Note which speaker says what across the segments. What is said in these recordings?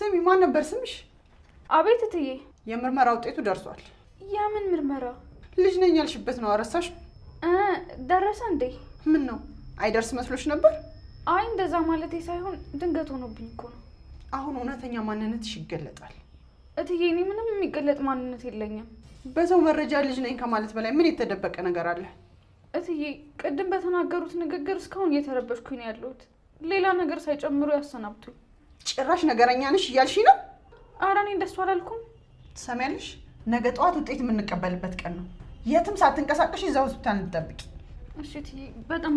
Speaker 1: ስሚ፣ ማን ነበር ስምሽ? አቤት እትዬ። የምርመራ ውጤቱ ደርሷል።
Speaker 2: የምን ምርመራ?
Speaker 1: ልጅ ነኝ ያልሽበት ነው። አረሳሽ? ደረሰ እንዴ? ምን ነው አይደርስ መስሎች ነበር?
Speaker 2: አይ እንደዛ ማለቴ ሳይሆን ድንገት ሆኖብኝ እኮ ነው።
Speaker 1: አሁን እውነተኛ ማንነትሽ ይገለጣል።
Speaker 2: እትዬ፣ እኔ ምንም የሚገለጥ ማንነት የለኝም።
Speaker 1: በሰው መረጃ ልጅ ነኝ ከማለት በላይ ምን የተደበቀ ነገር አለ?
Speaker 2: እትዬ፣ ቅድም በተናገሩት ንግግር እስካሁን እየተረበሽኩኝ ያለሁት ሌላ ነገር ሳይጨምሩ ያሰናብቱኝ።
Speaker 1: ጭራሽ ነገረኛ ነሽ እያልሽ ነው?
Speaker 2: ኧረ እኔ እንደሱ አላልኩም።
Speaker 1: ትሰሚያለሽ፣ ነገ ጠዋት ውጤት የምንቀበልበት ቀን ነው። የትም ሳትንቀሳቀሽ እዛ ሆስፒታል እንጠብቂ።
Speaker 2: በጣም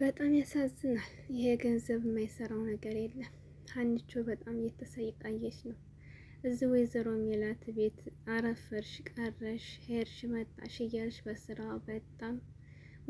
Speaker 3: በጣም ያሳዝናል። ይሄ ገንዘብ የማይሰራው ነገር የለም። ሀኒቾ በጣም እየተሰቃየች ነው። እዚህ ወይዘሮ ሜላት ቤት አረፈርሽ፣ ቀረሽ፣ ሄርሽ መጣሽ እያለች በስራዋ በጣም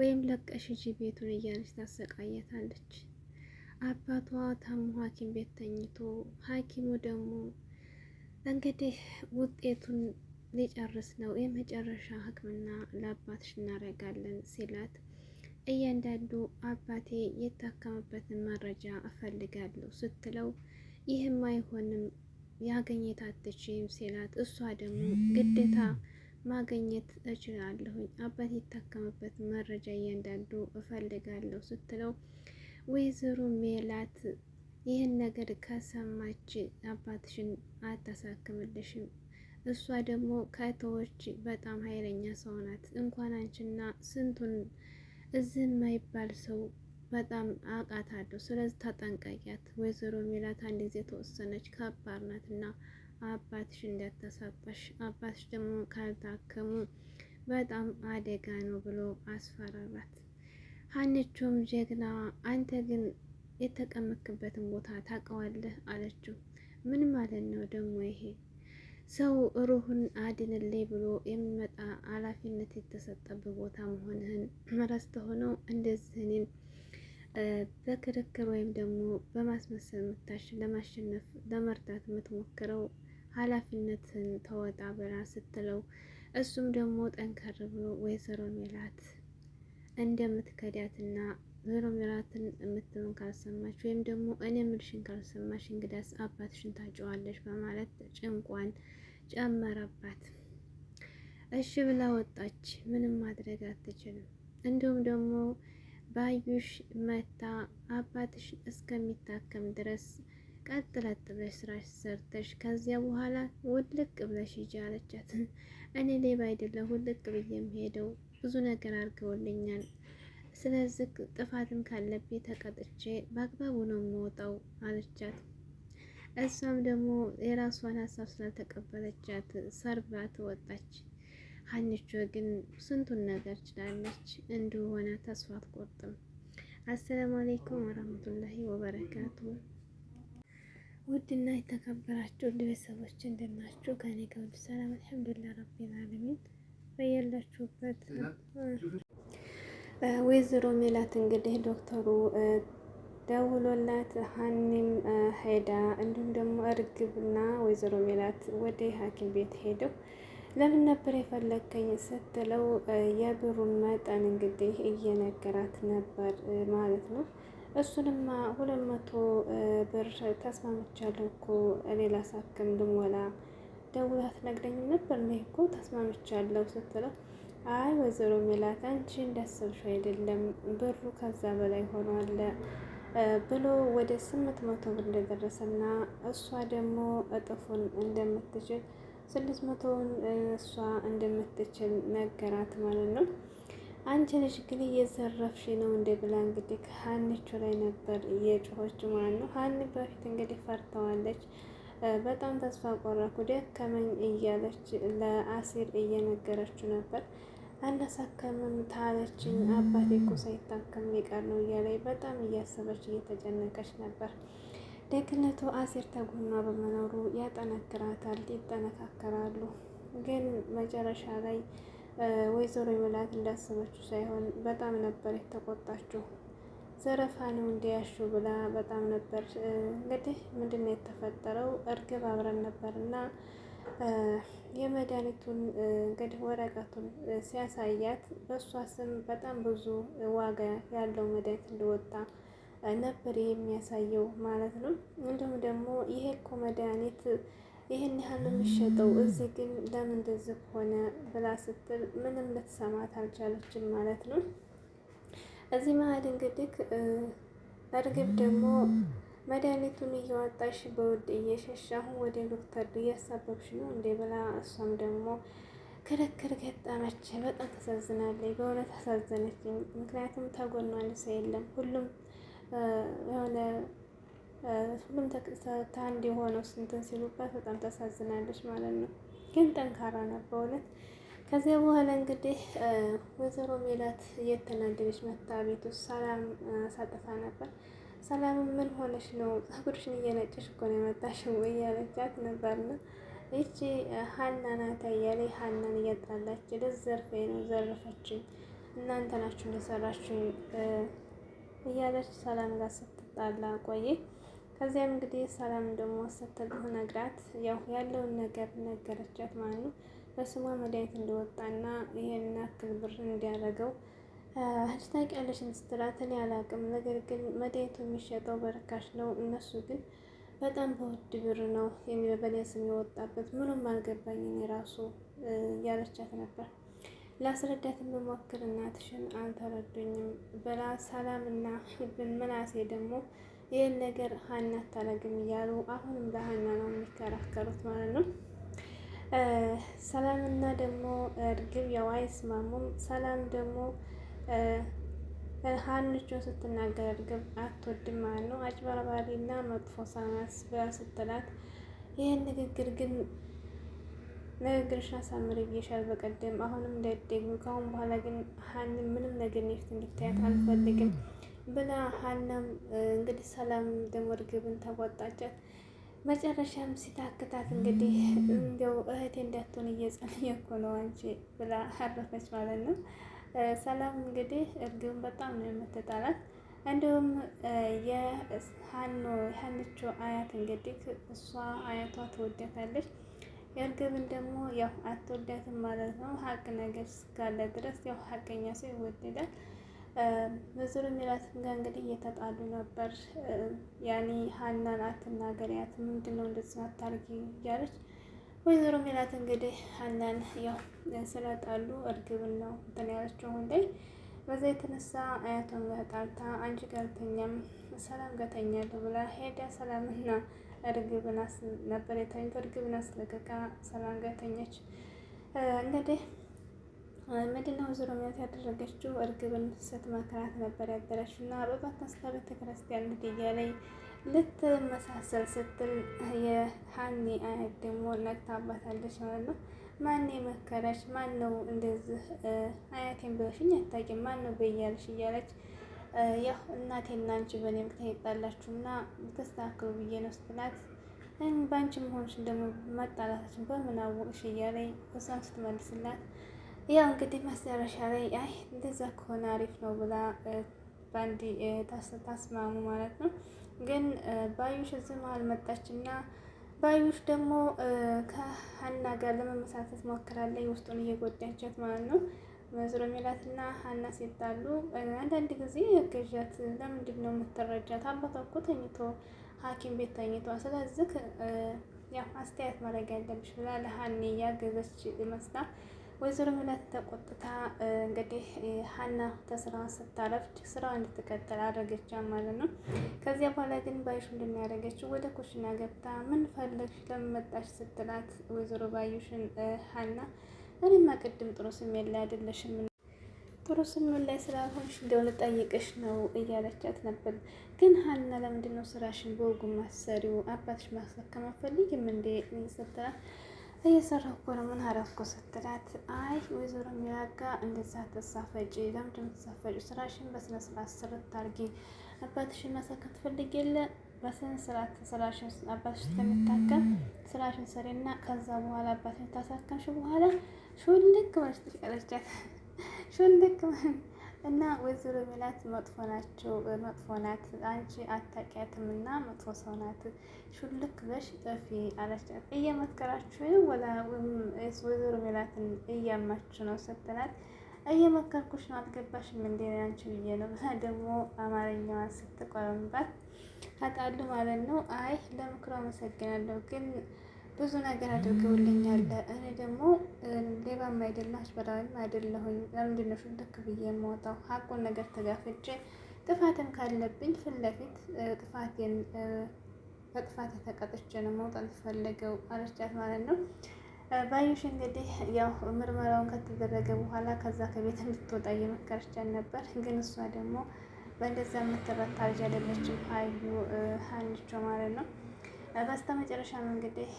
Speaker 3: ወይም ለቀሽ ሂጂ ቤቱን እያለች ታሰቃየታለች። አባቷ ታሞ ሐኪም ቤት ተኝቶ ሐኪሙ ደግሞ እንግዲህ ውጤቱን ሊጨርስ ነው የመጨረሻ ሕክምና ለአባትሽ እናደርጋለን ሲላት እያንዳንዱ አባቴ የታከመበትን መረጃ እፈልጋለሁ ስትለው ይህም አይሆንም ያገኘት አትችም ሲላት እሷ ደግሞ ግዴታ ማገኘት እችላለሁኝ አባቴ የታከመበትን መረጃ እያንዳንዱ እፈልጋለሁ ስትለው ወይዘሮ ሜላት ይህን ነገር ከሰማች አባትሽን አታሳክምልሽም። እሷ ደግሞ ከተወች በጣም ኃይለኛ ሰው ናት። እንኳን አንቺና ስንቱን እዚህ የማይባል ሰው በጣም አውቃታለሁ። ስለዚህ ተጠንቀቂያት። ወይዘሮ ሜላት አንድ ጊዜ ተወሰነች ከባድ ናት እና አባትሽ እንዳታሳጣሽ፣ አባትሽ ደግሞ ካልታከሙ በጣም አደጋ ነው ብሎ አስፈራራት። ሀኒቾም ጀግና አንተ ግን የተቀመክበትን ቦታ ታውቀዋለህ አለችው። ምን ማለት ነው ደግሞ ይሄ? ሰው ሩህን አድንልኝ ብሎ የሚመጣ ኃላፊነት የተሰጠበት ቦታ መሆንህን መረስተ ነው እንደዚህ እኔን በክርክር ወይም ደግሞ በማስመሰል ምታሽ ለማሸነፍ ለመርዳት የምትሞክረው ኃላፊነትን ተወጣ በላ ስትለው እሱም ደግሞ ጠንከር ብሎ ወይዘሮ ሜላት እንደምትከዳትና ዞሮ ምራትን የምትሉን ካልሰማች ወይም ደግሞ እኔ ምልሽን ካልሰማሽ እንግዳስ አባትሽን ታጨዋለች በማለት ጭንቋን ጨመረባት። እሺ ብላ ወጣች። ምንም ማድረግ አትችልም። እንዲሁም ደግሞ ባዩሽ መታ አባትሽ እስከሚታከም ድረስ ቀጥለጥ ብለሽ ስራሽ ሰርተሽ ከዚያ በኋላ ውልቅ ብለሽ ሂጂ አለቻት። እኔ ሌባ አይደለም ውልቅ ብዬ የምሄደው ብዙ ነገር አድርገውልኛል። ስለዚህ ጥፋትም ካለብኝ ተቀጥቼ በአግባቡ ነው የምወጣው አለቻት። እሷም ደግሞ የራሷን ሀሳብ ስላልተቀበለቻት ሰርባ ትወጣች። ሀኒቾ ግን ስንቱን ነገር ችላለች። እንዲሁ ሆነ ተስፋ አትቆርጥም። አሰላሙ አሌይኩም ወረህመቱላሂ ወበረካቱ። ውድና የተከበራችሁ ቤተሰቦች እንደምናችሁ? ከኔ ከውድ ሰላም አልሐምዱሊላህ ረቢል ዓለሚን በያላችሁበት ወይዘሮ ሜላት እንግዲህ ዶክተሩ ደውሎላት ሀኒም ሄዳ እንዲሁም ደግሞ እርግብና ወይዘሮ ሜላት ወደ ሐኪም ቤት ሄደው ለምን ነበር የፈለግከኝ ስትለው የብሩን መጠን እንግዲህ እየነገራት ነበር ማለት ነው። እሱንማ ሁለት መቶ ብር ተስማምቻለሁ እኮ እኔ ላሳክም ልሞላ ደውላ ትነግረኝም ነበር እኔ እኮ ተስማምቻለሁ ስትለው አይ ወይዘሮ ሜላት አንቺ እንዳሰብሽው አይደለም ብሩ ከዛ በላይ ሆኗል ብሎ ወደ ስምንት መቶ ብር እንደደረሰና እሷ ደግሞ እጥፉን እንደምትችል ስድስት መቶውን እሷ እንደምትችል ነገራት ማለት ነው። አንቺ ልጅ ግን እየዘረፍሽ ነው እንደ ብላ እንግዲህ ከሀኒቹ ላይ ነበር እየጮኸች ማለት ነው። ሀኒ በፊት እንግዲህ ፈርተዋለች። በጣም ተስፋ ቆረኩ፣ ደከመኝ እያለች ለአሲር እየነገረችው ነበር። አላሳከምም ታለችኝ፣ አባቴ እኮ ሳይታከም ሊቀር ነው እያለች በጣም እያሰበች እየተጨነቀች ነበር። ደግነቱ አሲር ተጎኗ በመኖሩ ያጠነክራታል፣ ይጠነካከራሉ። ግን መጨረሻ ላይ ወይዘሮ ይመላት እንዳሰበችው ሳይሆን በጣም ነበር የተቆጣችው። ዘረፋ ነው እንዲያሹ ብላ በጣም ነበር እንግዲህ ምንድን ነው የተፈጠረው? እርግብ አብረን ነበር እና የመድኃኒቱን እንግዲህ ወረቀቱን ሲያሳያት በእሷ ስም በጣም ብዙ ዋጋ ያለው መድኃኒት እንደወጣ ነበር የሚያሳየው ማለት ነው። እንዲሁም ደግሞ ይሄ እኮ መድኃኒት ይህን ያህል የሚሸጠው እዚህ ግን ለምን እንደዚህ ሆነ ብላ ስትል ምንም ልትሰማት አልቻለችም ማለት ነው። እዚህ መሀል እንግዲህ እርግብ ደግሞ መድኃኒቱን እያወጣሽ በውድ እየሸሻሁ ወደ ዶክተር እያሳበብሽ ነው እንዴ ብላ እሷም ደግሞ ክርክር ገጠመች። በጣም ተሳዝናለች፣ በእውነት አሳዘነች። ምክንያቱም ተጎኗ ሰው የለም። ሁሉም የሆነ ሁሉም ታንድ የሆነው ስንትን ሲሉባት በጣም ተሳዝናለች ማለት ነው። ግን ጠንካራ ነው በእውነት ከዚያ በኋላ እንግዲህ ወይዘሮ ሜላት እየተናደደች መታ ቤት ውስጥ ሰላም ሳጠፋ ነበር። ሰላም ምን ሆነሽ ነው ጸጉርሽን እየነጨሽ እኮ ነው የመጣሽው እያለቻት ነበርና ይቺ ሀና ናታ እያለ ሀናን እያጣላች ልትዘርፌ ነው ዘረፈችኝ፣ እናንተ ናችሁ እንደሰራችሁኝ እያለች ሰላም ጋር ስትጣላ ቆየ። ከዚያም እንግዲህ ሰላም ደግሞ ነግራት ያው ያለውን ነገር ነገረቻት ማለት ነው። በስሟ መድኃኒት እንደወጣና ይሄን ያክል ብር እንዲያደርገው እህት ታውቂያለሽ ስትላት እኔ አላውቅም፣ ነገር ግን መድኃኒቱ የሚሸጠው በርካሽ ነው፣ እነሱ ግን በጣም በውድ ብር ነው የሚበበሊያ ስም የወጣበት ምኑም አልገባኝም ራሱ እያለቻት ነበር። ላስረዳት የምሞክር እናትሽን አልተረዱኝም በላ ሰላምና ህብን ምናሴ ደግሞ ይህን ነገር ሀና አታረግም እያሉ አሁንም ለሀና ነው የሚከራከሩት ማለት ነው። ሰላምና ደግሞ እርግብ ያው አይስማሙም። ሰላም ደግሞ ሀንቾን ስትናገር እርግብ አትወድም ማለት ነው። አጭበርባሪና መጥፎ ሰናስ ብላ ስትላት ይህን ንግግር ግን ንግግርሽ አሳምሪ ብዬሻል በቀደም አሁንም እንዳይደግም ከአሁን በኋላ ግን ሀን ምንም ነገር ኔፍት እንድታያት አልፈልግም ብላ ሀናም እንግዲህ ሰላም ደግሞ እርግብን ተቆጣቻት። መጨረሻም ሲታክታት እንግዲህ እንደው እህቴ እንዳትሆን እየጸለየ እኮ ነው አንቺ ብላ አረፈች ማለት ነው። ሰላም እንግዲህ እርግብን በጣም ነው የምትጠላት። እንዲሁም የሀኖ የሀንቾ አያት እንግዲህ እሷ አያቷ ትወደታለች እርግብን ደግሞ ያው አትወዳትም ማለት ነው። ሀቅ ነገር እስካለ ድረስ ያው ሀቀኛ ሰው ይወደዳል። መዝሩ ሚራትም ጋር እንግዲህ እየተጣሉ ነበር። ያኔ ሀናን አትናገሪያት፣ ምንድን ነው እንደዚህ አታርጊ እያለች ወይዘሮ ሜላት እንግዲህ ሀናን ያው ስለጣሉ እርግብን ነው እንትን ያለችው አሁን ላይ። በዛ የተነሳ አያቷን ጋር ጣልታ አንቺ ጋር ተኛም ሰላም ጋር ተኛለሁ ብላ ሄዳ ሰላምና እርግብን ነበር የተኙት። እርግብን አስለቀቃ ሰላም ጋር ተኛች እንግዲህ ምንድነው ዝሮሚያት ያደረገችው? እርግብን ስትመክራት ነበር ያደረችው እና በባታስታ ቤተክርስቲያን ልትያ ላይ ልትመሳሰል ስትል የሀኒ አያት ደግሞ ነቅታባታለች ማለት ነው። ማን የመከረች? ማን ነው እንደዚህ አያቴን ብለሽኝ አታውቂም? ማን ነው በያለሽ? እያለች ያው እናቴና አንቺ በእኔ ምክንያት ይጣላችሁ እና ተስተካክሉ ብዬ ነው ስትላት በአንቺ መሆንሽ ደግሞ መጣላታችን በምን አወቅሽ? እያለኝ እሷን ስትመልስላት ያው እንግዲህ መጨረሻ ላይ አይ እንደዛ ከሆነ አሪፍ ነው ብላ በአንድ ታስማሙ ማለት ነው። ግን ባዩሽ እዚህ መሀል መጣች እና ባዩሽ ደግሞ ከሀና ጋር ለመመሳተፍ ሞክራለች። ውስጡን እየጎዳቻት ማለት ነው። መዝሮ ሜላት እና ሀና ሲጣሉ አንዳንድ ጊዜ እገዣት። ለምንድን ነው የምትረጃት? አባቷ እኮ ተኝቶ ሐኪም ቤት ተኝቷ ስለዚህ ያው አስተያየት ማድረግ ያለብሽ ብላ ለሀኔ እያገዘች መስላ ወይዘሮ ሜላት ተቆጥታ እንግዲህ ሀና ተስራ ስታረፍድ ስራ እንድትቀጥል አደረገቻት ማለት ነው። ከዚያ በኋላ ግን ባዩሽ እንደሚያደርገችው ወደ ኩሽና ገብታ ምን ፈለግሽ ለምን መጣሽ ስትላት ወይዘሮ ባዩሽን ሀና እኔማ ቅድም ጥሩ ስሜት ላይ አይደለሽም ጥሩ ስሜት ላይ ስላልሆንሽ እንደው ልጠይቅሽ ነው እያለቻት ነበር። ግን ሀና ለምንድን ነው ስራሽን በወጉ ማሰሪው አባትሽ ማስከማፈል ይህም እንዴ ስትላት እየሰራሁ እኮ ነው ምን አረፍኩ ስትላት፣ አይ ወይዘሮ ሚራጋ እንደዛ ተሳፈጭ፣ ለምንድን ተሳፈጭ? ስራሽን በስነ ስርዓት ስርት አድርጊ። አባትሽን ማሳከም ትፈልግ የለ በስነ ስርዓት ስራሽን አባትሽ ስለሚታከም ስራሽን ስሪና ከዛ በኋላ አባትሽን ታሳከምሽ በኋላ ሹልክ ማለት ትቀለጫት ሹልክ እና ወይዘሮ ሜላት መጥፎ ናቸው፣ መጥፎ ናት፣ አንቺ አታውቂያትም እና መጥፎ ሰው ናት፣ ሹልክ በሽ ጠፊ አለች። እየመከራችሁ ወላ ወይዘሮ ሜላትን እያማችሁ ነው ስትላት፣ እየመከርኩሽ ነው አልገባሽም እንዴ አንቺ ብዬ ነው ብላ ደግሞ አማርኛዋን ስትቆረምባት አጣሉ ማለት ነው። አይ ለምክሮ አመሰግናለሁ ግን ብዙ ነገር አድርገውልኛል። እኔ ደግሞ ሌባም አይደለሁ አጭበርባሪም አይደለሁኝ። ለምንድን ነው ሽንትክ ብዬ የምወጣው? ሀቁን ነገር ተጋፍጬ ጥፋትም ካለብኝ ፊት ለፊት ጥፋቴን በጥፋት ተቀጥቼ ነው መውጣት ፈለገው አለቻት ማለት ነው። ባዩሽ እንግዲህ ያው ምርመራውን ከተደረገ በኋላ ከዛ ከቤት እንድትወጣ እየመከረቻት ነበር። ግን እሷ ደግሞ በእንደዛ የምትረታ ልጅ አይደለችም አዩ ሀንቾ ማለት ነው። በስተ መጨረሻም እንግዲህ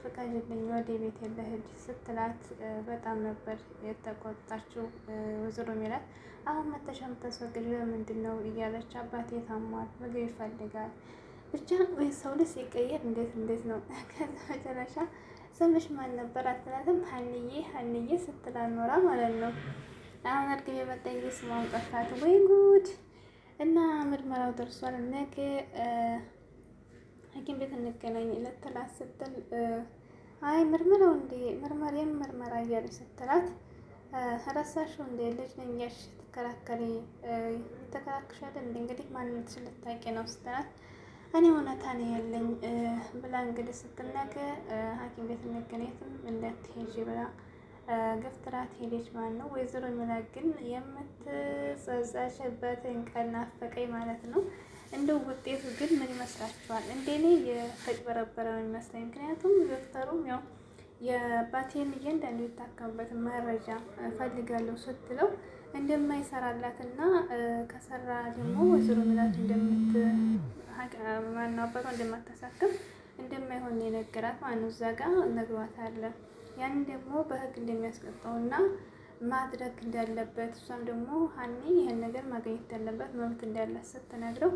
Speaker 3: ፍቀጅልኝ ወደ ቤት ልሂድ ስትላት በጣም ነበር የተቆጣችው ወይዘሮ ሜላት። አሁን መተሻ የምታስፈቅድ ለምንድን ነው እያለች አባቴ ታሟል፣ ምግብ ይፈልጋል ብቻ ወይ ሰው ልጅ ሲቀየር እንዴት እንዴት ነው። ከዛ መጨረሻ ስምሽ ማን ነበር አትላትም? ሀንዬ ሀንዬ ስትላት ኖራ ማለት ነው። አሁን እርግብ የመጣ ጊዜ ስሟን ጠፋት። ወይ ጉድ! እና ምርመራው ደርሷል ነገ ሐኪም ቤት እንገናኝ ልትላት ስትል አይ ምርምረው እንዴ ምርመር ምርመራ እያለች ስትላት ረሳሽው እንዴ ልጅ ነኝ እያልሽ ትከራከሪ ተከራክሻል እንዴ እንግዲህ ማንነትሽን ልታውቂ ነው ስትላት እኔ እውነታ ነው ያለኝ ብላ እንግዲህ ስትናገር ሐኪም ቤት እንገናኝትም እንዳትሄጂ ብላ ገፍትራት ሄደች ማለት ነው። ወይዘሮ ሚላ ግን የምትጸጸሽበትን ቀን ናፈቀኝ ማለት ነው። እንደው ውጤቱ ግን ምን ይመስላችኋል? እንደኔ የተጭበረበረ ነው የሚመስለኝ። ምክንያቱም ዶክተሩም ያው የባቴን እያንዳንዱ የታከምበትን መረጃ ፈልጋለሁ ስትለው እንደማይሰራላት እና ከሰራ ደግሞ ወይዘሮ ሚላት እንደምትማናባቷ እንደማታሳክም እንደማይሆን የነገራት ማኑ እዛ ጋ ነግሯት አለ ያን ደግሞ በህግ እንደሚያስቀጣውና ማድረግ እንዳለበት እሷም ደግሞ ሀኒ ይህን ነገር ማግኘት እንዳለበት መብት እንዳላት ስትነግረው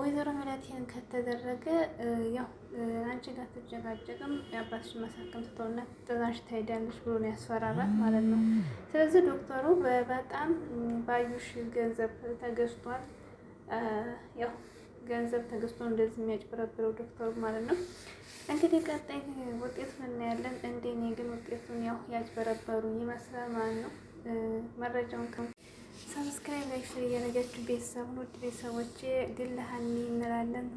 Speaker 3: ወይዘሮ ሜላት ይህን ከተደረገ ያው አንቺ ጋር ትጨቃጨቅም የአባትሽን መሳከም ትተውና ጥናሽ ትሄዳለች ብሎ ነው ያስፈራራት ማለት ነው። ስለዚህ ዶክተሩ በጣም ባዩሽ ገንዘብ ተገዝቷል። ያው ገንዘብ ተገዝቶ እንደዚህ የሚያጭበረብረው ዶክተሩ ማለት ነው። እንግዲህ ቀጣይ ውጤቱን እናያለን። እንደኔ ግን ውጤቱን ያው ያጭበረበሩ ይመስላል ማለት ነው መረጃውን ከም ሰብስክራይብ ላይክ እያደረጋችሁ ቤተሰብ ውድ ቤተሰቦቼ ድል ለሀኒ እንላለን።